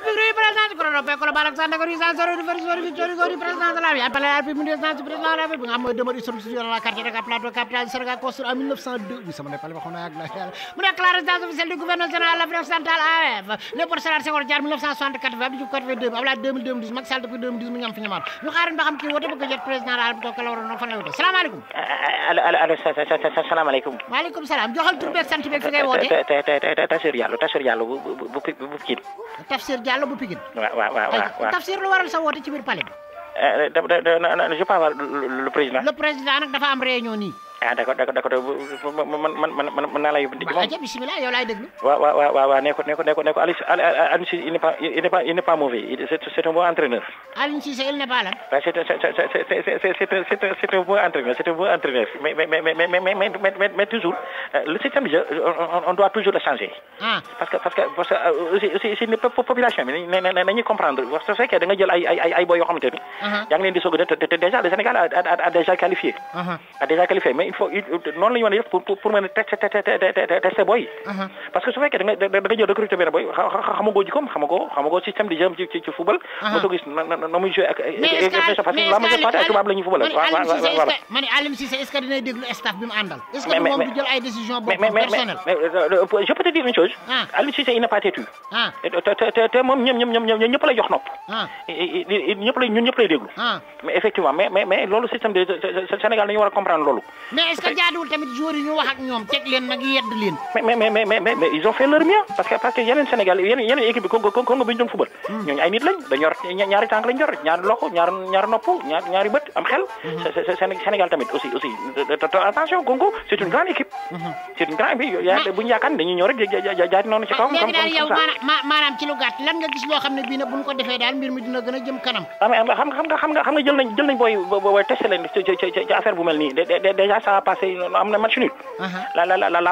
Piruy Sopé Colobane ak Sandaga rue sans sori rue président de la République appelé à la République du président de la République nga xam mooy demeure historique située dans la quartier Dakar Plateau capitale du Sénégal construit en 1902 oui sama nepal waxoon naa yàgg na yàlla mu nekk la résidence officielle du gouverneur général de l'Afrique occidentale AEF Léopold Sédar Senghor Diatta 1964 Abdou Diouf 82 Abdoulaye 2000 2010 Macky Sall depuis 2010 mu ñam fi ñamaat ñu xaarin ba xam kii woote bëgg a jot président de la République la waroon fan la wute salaamaaleykum euh, euh, allo allo salaamaaleykum maaleykum salaam joxal tur beeg sant beeg fi ngay woote Tafsir Diallo Tafsir Diallo bu Pikine Tafsir Diallo bu Pikine waaw waaw waaw tafsir lu waral sa woote ci biir palais bi. da da da je peux avoir le président. le président nag dafa am réunion nii. ah d'accord d'accord d'accord man naa la yóbbu digg moom bismillah yow laay déglu waaw waaw waaw ne ne ko ne ne ko Aliou il n'est pas il il n'est pas entraîneur c'est un bon entraîneur c'est un bon entraîneur mais toujours euh, le système de jeu on doit toujours le changer ah. parce que parce que parce que euh, aussi aussi population bi nañu que fekkee da nga jël ay ay ay boy yoo uh-huh. a te déjà le Sénégal a déjà qualifié uh-huh. a déjà qualifié mais il faut noonu la ñu pour pour mën a te te parce que su fekkee da nga da nga jël recruter benn booy xamagoo jikkoom xamagoo xamagoo système di jëm ci football. mais est-ce que mais déglu staff bi mu àndal. mais mais mais mais loolu système de Sénégal dañu war a comprendre loolu. mais est-ce que tamit joueurs ñu wax ñoom gi yedd leen mais mais mais mais mais ils ont fait leur mieux parce que parce que yeneen Sénégal yeneen yeneen équipe Congo Congo bi ñu football hmm. ñooñu ay nit lañ da ñaari tànk lañ jor ñaari loxo ñaar ñaari nopp ñaari bët am xel hmm. Sénégal tamit aussi aussi attention Congo c'est une grande équipe hmm. c'est une grande équipe ya buñ yakan dañuy rek jaati noonu ci kaw comme comme yow maanaam ci lu gàtt lan nga gis loo xam ne bii buñ ko defee daal mbir mi dina jëm kanam am ah, xam xam nga xam nga xam nga jël nañ jël nañ boy boy testé leen ci affaire bu mel déjà ça a passé am match nul uh-huh. la la la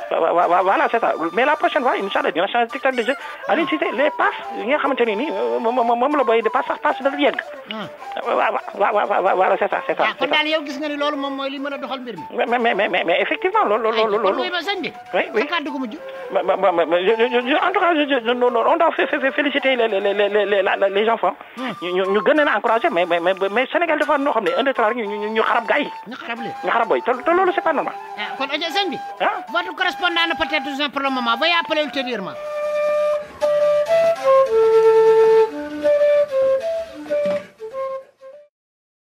voilà c'est ça mais la prochaine fois incha allah dina changer tactique de jeu Aliou Cissé les passes yi la booy di passe passe dafa yegg. Hmm. waaw c'est ça c'est ça. Ah, kon daal yow gis nga ni loolu moom mooy li mën doxal mbir mi. mais effectivement loolu loolu loolu. en tout cas on doit féliciter les les les les enfants. Hmm. ñu ñu gën leen a encourager mais mais mais Sénégal dafa am ñoo xam ne un deux trois rek ñu xarab gars yi. xarab leen ñu loolu c'est pas normal. Ah, répondant peut-être pour le moment. Veuillez appeler ultérieurement.